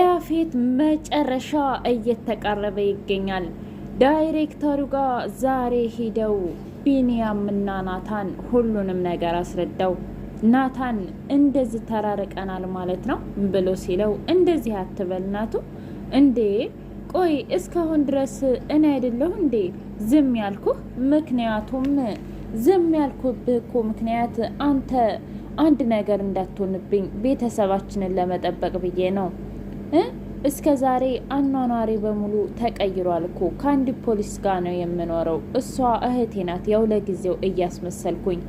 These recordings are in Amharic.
ያፌት መጨረሻ እየተቃረበ ይገኛል። ዳይሬክተሩ ጋር ዛሬ ሂደው ቢንያምና ናታን ሁሉንም ነገር አስረዳው። ናታን እንደዚህ ተራርቀናል ማለት ነው ብሎ ሲለው እንደዚህ አትበል ናቱ እንዴ፣ ቆይ እስካሁን ድረስ እኔ አይደለሁ እንዴ ዝም ያልኩህ? ምክንያቱም ዝም ያልኩብህ እኮ ምክንያት አንተ አንድ ነገር እንዳትሆንብኝ ቤተሰባችንን ለመጠበቅ ብዬ ነው እስከ ዛሬ አኗኗሪ በሙሉ ተቀይሯል እኮ ከአንድ ፖሊስ ጋር ነው የምኖረው። እሷ እህቴ ናት፣ ያው ለጊዜው እያስመሰልኩኝ።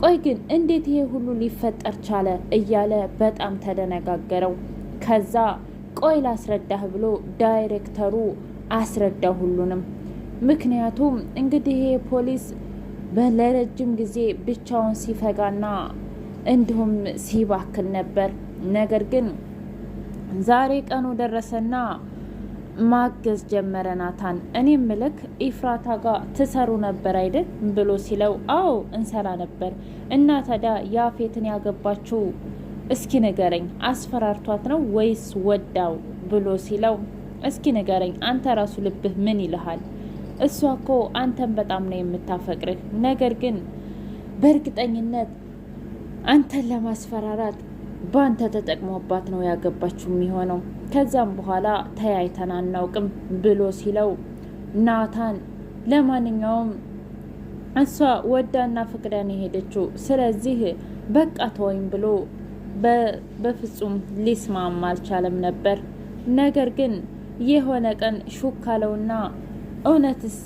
ቆይ ግን እንዴት ይሄ ሁሉ ሊፈጠር ቻለ? እያለ በጣም ተደነጋገረው። ከዛ ቆይ ላስረዳህ ብሎ ዳይሬክተሩ አስረዳ ሁሉንም። ምክንያቱም እንግዲህ ይሄ ፖሊስ ለረጅም ጊዜ ብቻውን ሲፈጋና እንዲሁም ሲባክን ነበር ነገር ግን ዛሬ ቀኑ ደረሰና ማገዝ ጀመረ። ናታን እኔ ምልክ ኢፍራታ ጋር ትሰሩ ነበር አይደል ብሎ ሲለው አዎ እንሰራ ነበር። እና ታዲያ ያፌትን ያገባችው እስኪ ንገረኝ፣ አስፈራርቷት ነው ወይስ ወዳው ብሎ ሲለው እስኪ ንገረኝ፣ አንተ ራሱ ልብህ ምን ይልሃል? እሷ እኮ አንተን በጣም ነው የምታፈቅርህ። ነገር ግን በእርግጠኝነት አንተን ለማስፈራራት በአንተ ተጠቅሞባት ነው ያገባችው የሚሆነው። ከዛም በኋላ ተያይተን አናውቅም ብሎ ሲለው ናታን ለማንኛውም እሷ ወዳና ፍቅዳን የሄደችው ስለዚህ በቃ ተወይም ብሎ በፍጹም ሊስማማ አልቻለም ነበር። ነገር ግን የሆነ ቀን ሹክ አለውና እውነትስ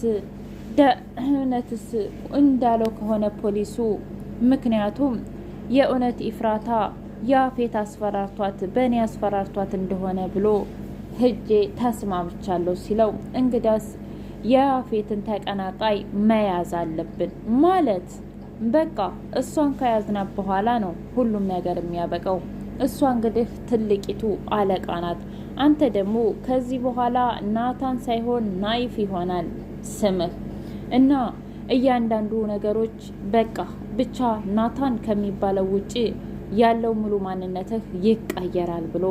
እውነትስ እንዳለው ከሆነ ፖሊሱ ምክንያቱም የእውነት ኢፍራታ ያፌት አስፈራርቷት በእኔ አስፈራርቷት እንደሆነ ብሎ ህጄ ተስማምቻለሁ ሲለው እንግዳስ የያፌትን ተቀናቃይ መያዝ አለብን ማለት በቃ እሷን ከያዝና በኋላ ነው ሁሉም ነገር የሚያበቃው። እሷ እንግዲህ ትልቂቱ አለቃ ናት። አንተ ደግሞ ከዚህ በኋላ ናታን ሳይሆን ናይፍ ይሆናል ስምህ እና እያንዳንዱ ነገሮች በቃ ብቻ ናታን ከሚባለው ውጪ ያለው ሙሉ ማንነትህ ይቀየራል ብሎ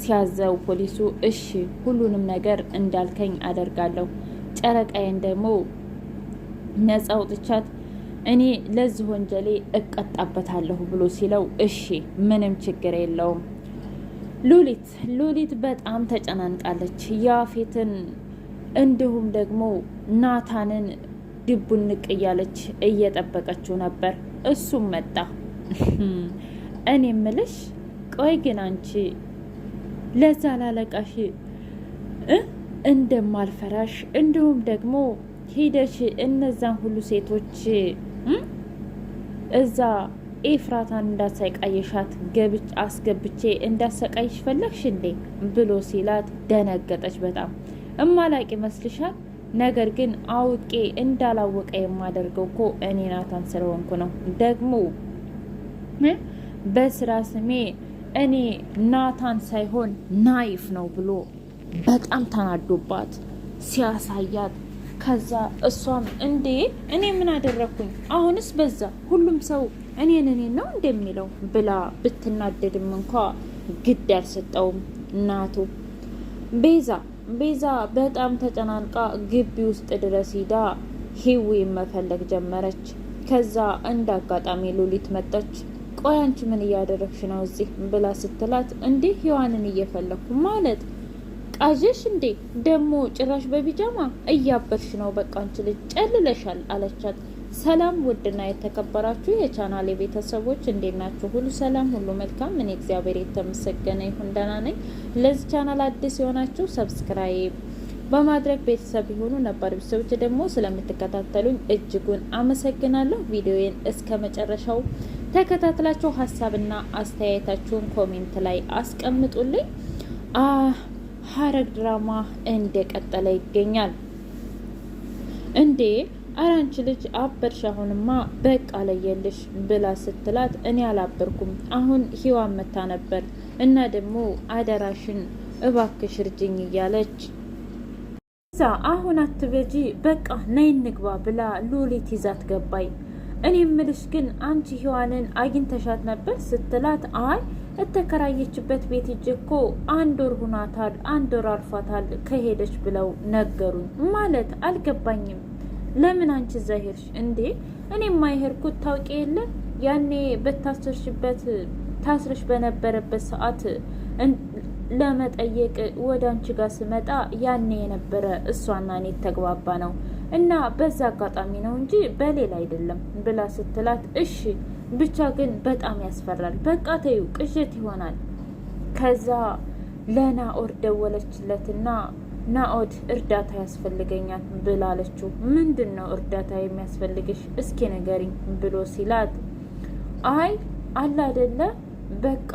ሲያዘው ፖሊሱ እሺ ሁሉንም ነገር እንዳልከኝ አደርጋለሁ፣ ጨረቃዬን ደግሞ ነጻ አውጥቻት እኔ ለዚህ ወንጀሌ እቀጣበታለሁ ብሎ ሲለው እሺ ምንም ችግር የለውም። ሉሊት ሉሊት በጣም ተጨናንቃለች። ያፌትን እንዲሁም ደግሞ ናታንን ድቡንቅ እያለች እየጠበቀችው ነበር። እሱም መጣ። እኔ የምልሽ ቆይ ግን አንቺ ለዛ ላለቃሽ እንደማልፈራሽ እንዲሁም ደግሞ ሂደሽ እነዛን ሁሉ ሴቶች እዛ ኤፍራታን እንዳሰቃየሻት ገብች አስገብቼ እንዳሰቃይሽ ፈለግሽ እንዴ ብሎ ሲላት ደነገጠች። በጣም እማላቅ ይመስልሻል? ነገር ግን አውቄ እንዳላወቀ የማደርገው እኮ እኔ ናታን ስለሆንኩ ነው ደግሞ በስራ ስሜ እኔ ናታን ሳይሆን ናይፍ ነው ብሎ በጣም ተናዶባት ሲያሳያት ከዛ እሷም እንዴ እኔ ምን አደረግኩኝ? አሁንስ በዛ ሁሉም ሰው እኔን እኔን ነው እንደሚለው ብላ ብትናደድም እንኳ ግድ አልሰጠውም ናቱ። ቤዛ ቤዛ በጣም ተጨናንቃ ግቢ ውስጥ ድረስ ሂዳ ሂዊ መፈለግ ጀመረች። ከዛ እንደ አጋጣሚ ሉሊት መጣች። ቆይ አንቺ ምን እያደረግሽ ነው እዚህ ብላ ስትላት፣ እንዴ ህዋንን እየፈለግኩ ማለት ቃዥሽ እንዴ ደግሞ ጭራሽ በቢጃማ እያበርሽ ነው፣ በቃ አንቺ ልጅ ጨልለሻል አለቻት። ሰላም ውድና የተከበራችሁ የቻናሌ ቤተሰቦች እንዴት ናችሁ? ሁሉ ሰላም፣ ሁሉ መልካም። እኔ እግዚአብሔር የተመሰገነ ይሁን ደህና ነኝ። ለዚህ ቻናል አዲስ የሆናችሁ ሰብስክራይብ በማድረግ ቤተሰብ የሆኑ ነባር ቤተሰቦች ደግሞ ስለምትከታተሉኝ እጅጉን አመሰግናለሁ። ቪዲዮዬን እስከ መጨረሻው ተከታትላችሁ ሀሳብና አስተያየታችሁን ኮሜንት ላይ አስቀምጡልኝ። ሀረግ ድራማ እንደቀጠለ ይገኛል እንዴ አራንች ልጅ አበርሽ፣ አሁንማ በቃ ለየልሽ ብላ ስትላት እኔ አላበርኩም። አሁን ሂዋን መታ ነበር እና ደግሞ አደራሽን እባክሽ እርጅኝ እያለች እዛ አሁን አትበጂ፣ በቃ ነይ እንግባ ብላ ሉሊት ይዛት ገባይ እኔ ምልሽ ግን አንቺ ህዋንን አግኝተሻት ነበር ስትላት፣ አይ እተከራየችበት ቤት እጅ እኮ አንድ ወር ሁናታል፣ አንድ ወር አልፏታል ከሄደች ብለው ነገሩኝ። ማለት አልገባኝም። ለምን አንቺ እዛ ሄድሽ እንዴ? እኔ የሄድኩት ታውቂ የለ ያኔ በታሰርሽበት ታስረሽ በነበረበት ሰዓት ለመጠየቅ ወደ አንቺ ጋር ስመጣ ያኔ የነበረ እሷና እኔ ተግባባ ነው እና በዛ አጋጣሚ ነው እንጂ በሌላ አይደለም ብላ ስትላት፣ እሺ ብቻ ግን በጣም ያስፈራል። በቃ ተዩ ቅዠት ይሆናል። ከዛ ለናኦድ ደወለችለትና ናኦድ እርዳታ ያስፈልገኛል ብላለችው። ምንድን ነው እርዳታ የሚያስፈልግሽ እስኪ ንገሪኝ ብሎ ሲላት፣ አይ አለ አይደለ በቃ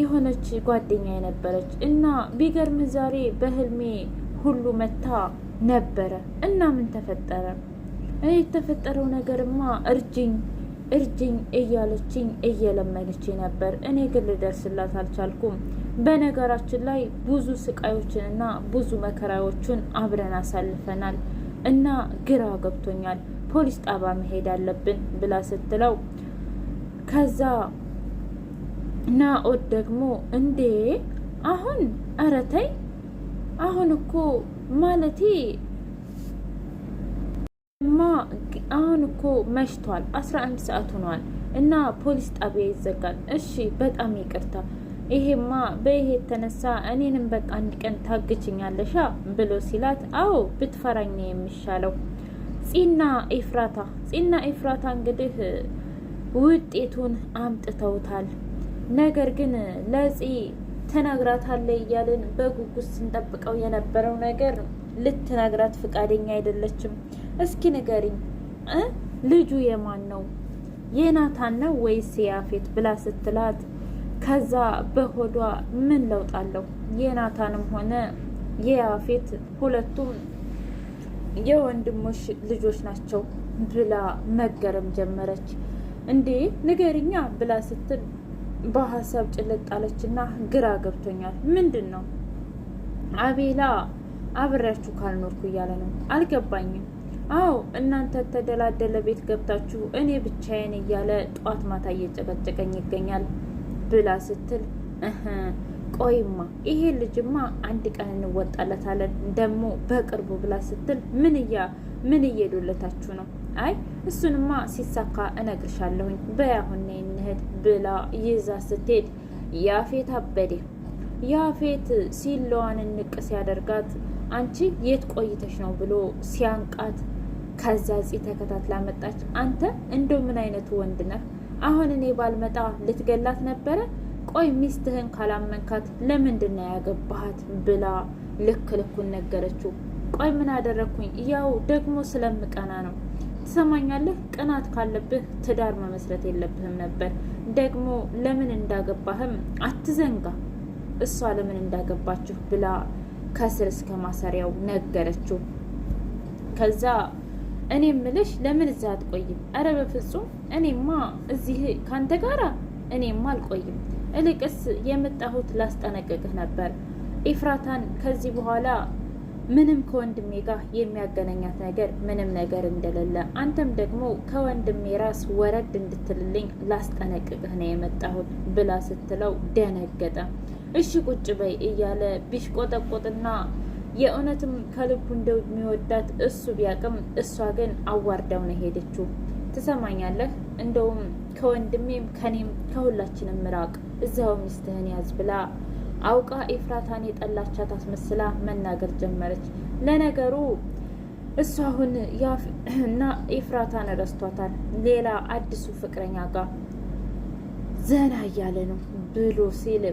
የሆነች ጓደኛ የነበረች እና ቢገርም ዛሬ በህልሜ ሁሉ መታ ነበረ እና ምን ተፈጠረ? እኔ የተፈጠረው ነገርማ እርጅኝ እርጅኝ እያለችኝ እየለመነች ነበር። እኔ ግን ልደርስላት አልቻልኩም። በነገራችን ላይ ብዙ ስቃዮችንና ብዙ መከራዎችን አብረን አሳልፈናል እና ግራ ገብቶኛል። ፖሊስ ጣባ መሄድ አለብን ብላ ስትለው ከዛ ናኦድ ደግሞ እንዴ አሁን አረተኝ አሁን እኮ ማለቴ ማ አሁን እኮ መሽቷል፣ አስራ አንድ ሰዓት ሆኗል እና ፖሊስ ጣቢያ ይዘጋል። እሺ በጣም ይቅርታ። ይሄማ በይሄ የተነሳ እኔንም በቃ አንድ ቀን ታግችኛለሻ ብሎ ሲላት፣ አዎ ብትፈራኝ የሚሻለው ፂና ኤፍራታ ፂና ኤፍራታ እንግዲህ ውጤቱን አምጥተውታል። ነገር ግን ለፂ ተናግራታለች እያልን በጉጉት ስንጠብቀው የነበረው ነገር ልትነግራት ፈቃደኛ አይደለችም። እስኪ ንገሪኝ እ ልጁ የማን ነው የናታን ነው ወይስ የአፌት ብላ ስትላት ከዛ በሆዷ ምን ለውጥ አለው? የናታንም ሆነ የአፌት ሁለቱም የወንድሞች ልጆች ናቸው ብላ መገረም ጀመረች። እንዴ ንገርኛ ብላ ስትል በሀሳብ ጭልጥ ና ግራ ገብቶኛል። ምንድን ነው አቤላ አብሬያችሁ ካልኖርኩ እያለ ነው። አልገባኝም። አዎ እናንተ ተደላደለ ቤት ገብታችሁ እኔ ብቻዬን እያለ ጠዋት ማታ እየጨቀጨቀኝ ይገኛል ብላ ስትል ቆይማ ይሄ ልጅማ አንድ ቀን እንወጣለታለን ደግሞ በቅርቡ ብላ ስትል ምን እያ ምን እየሄዱለታችሁ ነው አይ እሱንማ ሲሳካ እነግርሻለሁኝ በያሁን ነይ እንሂድ ብላ ይዛ ስትሄድ ያፌት አበዴ ያፌት ሲለዋን እንቅ ሲያደርጋት አንቺ የት ቆይተሽ ነው ብሎ ሲያንቃት ከዛ ጺ ተከታትላ መጣች። አንተ እንደው ምን አይነቱ ወንድ ነህ? አሁን እኔ ባልመጣ ልትገላት ነበረ? ቆይ ሚስትህን ካላመንካት ለምንድን ነው ያገባሃት? ብላ ልክ ልኩን ነገረችው። ቆይ ምን አደረግኩኝ? ያው ደግሞ ስለምቀና ነው ትሰማኛለህ? ቅናት ካለብህ ትዳር መመስረት የለብህም ነበር። ደግሞ ለምን እንዳገባህም አትዘንጋ። እሷ ለምን እንዳገባችሁ ብላ ከስር እስከ ማሰሪያው ነገረችው። ከዛ እኔ ምልሽ ለምን እዚህ አትቆይም? እረ በፍጹም እኔማ እዚህ ካንተ ጋራ እኔማ አልቆይም። እልቅስ የመጣሁት ላስጠነቅቅህ ነበር። ኤፍራታን ከዚህ በኋላ ምንም ከወንድሜ ጋር የሚያገናኛት ነገር ምንም ነገር እንደሌለ አንተም ደግሞ ከወንድሜ ራስ ወረድ እንድትልልኝ ላስጠነቅቅህ ነው የመጣሁት ብላ ስትለው ደነገጠ። እሺ ቁጭ በይ እያለ ቢሽቆጠቆጥና የእውነትም ከልቡ እንደሚወዳት እሱ ቢያቅም እሷ ግን አዋርዳው ነው ሄደችው። ትሰማኛለህ? እንደውም ከወንድሜም ከኔም ከሁላችንም ምራቅ፣ እዚያው ሚስትህን ያዝ ብላ አውቃ ኤፍራታን የጠላቻት አስመስላ መናገር ጀመረች። ለነገሩ እሱ አሁን እና ኤፍራታን ረስቷታል። ሌላ አዲሱ ፍቅረኛ ጋር ዘና እያለ ነው ብሎ ሲል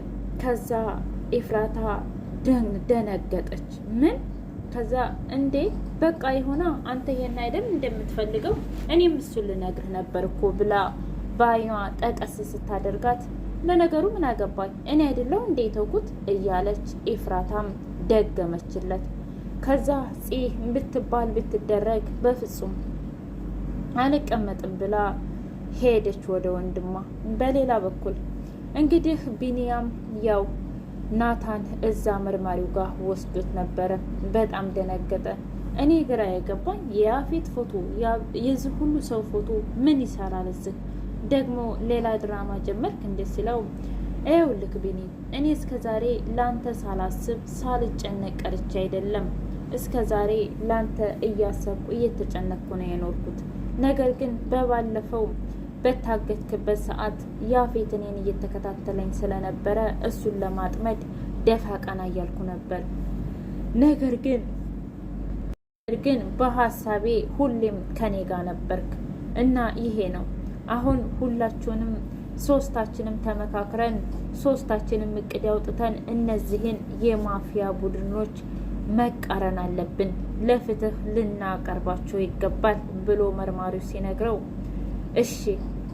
ከዛ ኤፍራታ ደነገጠች። ምን ከዛ እንዴ በቃ የሆነ አንተ ይሄን አይደል እንደምትፈልገው እኔም እሱን ልነግርህ ነበር እኮ ብላ በአይኗ ጠቀስ ስታደርጋት ለነገሩ ምን አገባኝ እኔ አይደለው እንዴ ተውኩት እያለች ኤፍራታም ደገመችለት። ከዛ ፂ ብትባል ብትደረግ በፍጹም አልቀመጥም ብላ ሄደች ወደ ወንድሟ። በሌላ በኩል እንግዲህ ቢንያም ያው ናታን እዛ መርማሪው ጋር ወስዶት ነበረ። በጣም ደነገጠ። እኔ ግራ የገባኝ የያፌት ፎቶ የዚህ ሁሉ ሰው ፎቶ ምን ይሰራል እዚህ ደግሞ ሌላ ድራማ ጀመርክ እንዴ ሲለው ይኸውልህ ቢኒ፣ እኔ እስከ ዛሬ ላንተ ሳላስብ ሳልጨነቅ ቀርቼ አይደለም። እስከ ዛሬ ላንተ እያሰብኩ እየተጨነቅኩ ነው የኖርኩት። ነገር ግን በባለፈው በታገትክበት ሰዓት ያፌት እኔን እየተከታተለኝ ስለነበረ እሱን ለማጥመድ ደፋ ቀና እያልኩ ነበር። ነገር ግን ግን በሀሳቤ ሁሌም ከኔ ጋር ነበርክ እና ይሄ ነው አሁን ሁላችሁንም ሶስታችንም ተመካክረን ሶስታችንም እቅድ ያውጥተን እነዚህን የማፊያ ቡድኖች መቃረን አለብን፣ ለፍትህ ልናቀርባቸው ይገባል ብሎ መርማሪው ሲነግረው እሺ።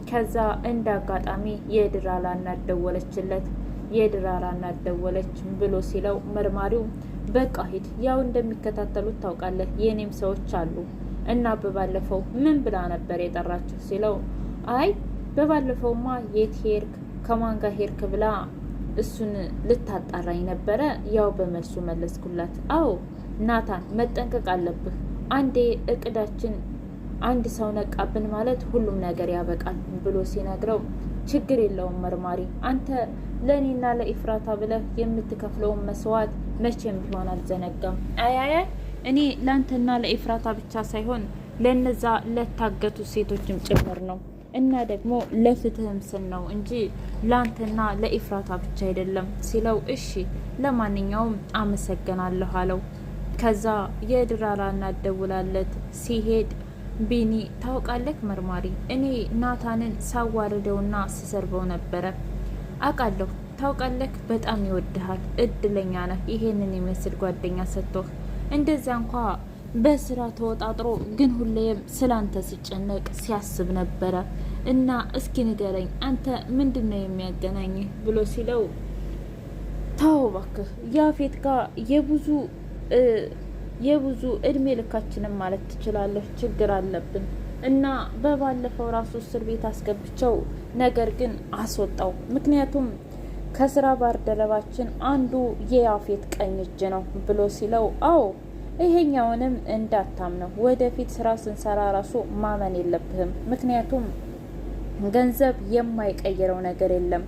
ከዛ እንደ አጋጣሚ የድራላ እናት ደወለችለት። የድራላ እናት ደወለች ብሎ ሲለው መርማሪው በቃ ሂድ፣ ያው እንደሚከታተሉት ታውቃለህ፣ የእኔም ሰዎች አሉ እና በባለፈው ምን ብላ ነበር የጠራችሁ ሲለው አይ በባለፈውማ የት ሄድክ ከማን ጋር ሄድክ ብላ እሱን ልታጣራኝ ነበረ። ያው በመልሱ መለስኩላት። አዎ ናታን፣ መጠንቀቅ አለብህ። አንዴ እቅዳችን አንድ ሰው ነቃብን ማለት ሁሉም ነገር ያበቃል ብሎ ሲነግረው ችግር የለውም መርማሪ፣ አንተ ለእኔና ለኢፍራታ ብለህ የምትከፍለውን መስዋዕት መቼም ቢሆን አልዘነጋም። አያየ እኔ ለአንተና ለኢፍራታ ብቻ ሳይሆን ለነዛ ለታገቱ ሴቶችም ጭምር ነው እና ደግሞ ለፍትህም ነው እንጂ ላንተና ለኢፍራታ ብቻ አይደለም ሲለው፣ እሺ ለማንኛውም አመሰግናለሁ አለው። ከዛ የድራራ እናት ደውላለት ሲሄድ ቢኒ ታውቃለህ፣ መርማሪ እኔ ናታንን ሳዋርደውና ስሰርበው ነበረ። አውቃለሁ፣ ታውቃለህ፣ በጣም ይወድሃል። እድለኛ ነህ፣ ይሄንን የሚመስል ጓደኛ ሰጥቶህ እንደዚያ እንኳ በስራ ተወጣጥሮ ግን ሁሌም ስላንተ ሲጨነቅ ሲያስብ ነበረ። እና እስኪ ንገረኝ አንተ ምንድን ነው የሚያገናኝ ብሎ ሲለው ታውባክህ የአፌት ያፌት ጋር የብዙ የብዙ እድሜ ልካችንም ማለት ትችላለህ ችግር አለብን እና በባለፈው ራሱ እስር ቤት አስገብቸው፣ ነገር ግን አስወጣው። ምክንያቱም ከስራ ባልደረባችን አንዱ የያፌት ቀኝ እጅ ነው ብሎ ሲለው አዎ ይሄኛውንም እንዳታምነው። ወደፊት ስራ ስንሰራ ራሱ ማመን የለብህም። ምክንያቱም ገንዘብ የማይቀይረው ነገር የለም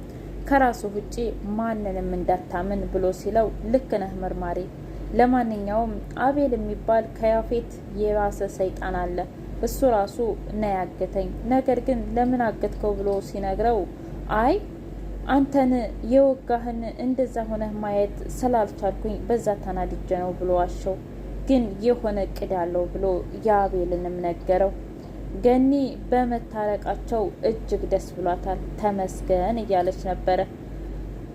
ከራሱ ውጪ ማንንም እንዳታምን ብሎ ሲለው ልክ ነህ መርማሪ። ለማንኛውም አቤል የሚባል ከያፌት የባሰ ሰይጣን አለ። እሱ ራሱ ነው ያገተኝ። ነገር ግን ለምን አገትከው ብሎ ሲነግረው አይ አንተን የወጋህን እንደዛ ሆነህ ማየት ስላልቻልኩኝ በዛ ተናድጄ ነው ብሎ አሸው። ግን የሆነ እቅድ አለው ብሎ ያቤልንም ነገረው። ገኒ በመታረቃቸው እጅግ ደስ ብሏታል። ተመስገን እያለች ነበረ።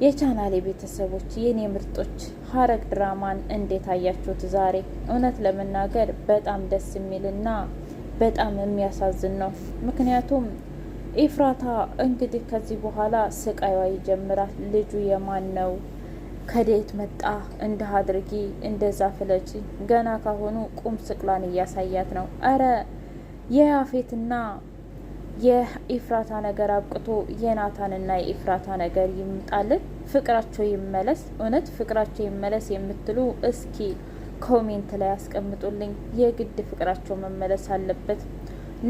የቻናሌ ቤተሰቦች የኔ ምርጦች ሀረግ ድራማን እንዴት አያችሁት? ዛሬ እውነት ለመናገር በጣም ደስ የሚልና በጣም የሚያሳዝን ነው። ምክንያቱም ኤፍራታ እንግዲህ ከዚህ በኋላ ስቃይዋ ይጀምራል። ልጁ የማን ነው ከዴት መጣ እንዲህ አድርጊ እንደዛ ፍለጪ። ገና ካሁኑ ቁም ስቅሏን እያሳያት ነው። እረ የያፌትና የኢፍራታ ነገር አብቅቶ የናታንና የኢፍራታ ነገር ይምጣልን፣ ፍቅራቸው ይመለስ። እውነት ፍቅራቸው ይመለስ የምትሉ እስኪ ኮሜንት ላይ ያስቀምጡልኝ። የግድ ፍቅራቸው መመለስ አለበት።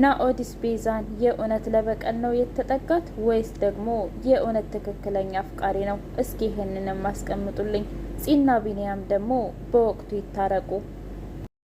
ናኦድስ ቤዛን የእውነት ለበቀል ነው የተጠጋት ወይስ ደግሞ የእውነት ትክክለኛ አፍቃሪ ነው? እስኪ ይህንንም አስቀምጡልኝ። ጺና ቢንያም ደግሞ በወቅቱ ይታረቁ።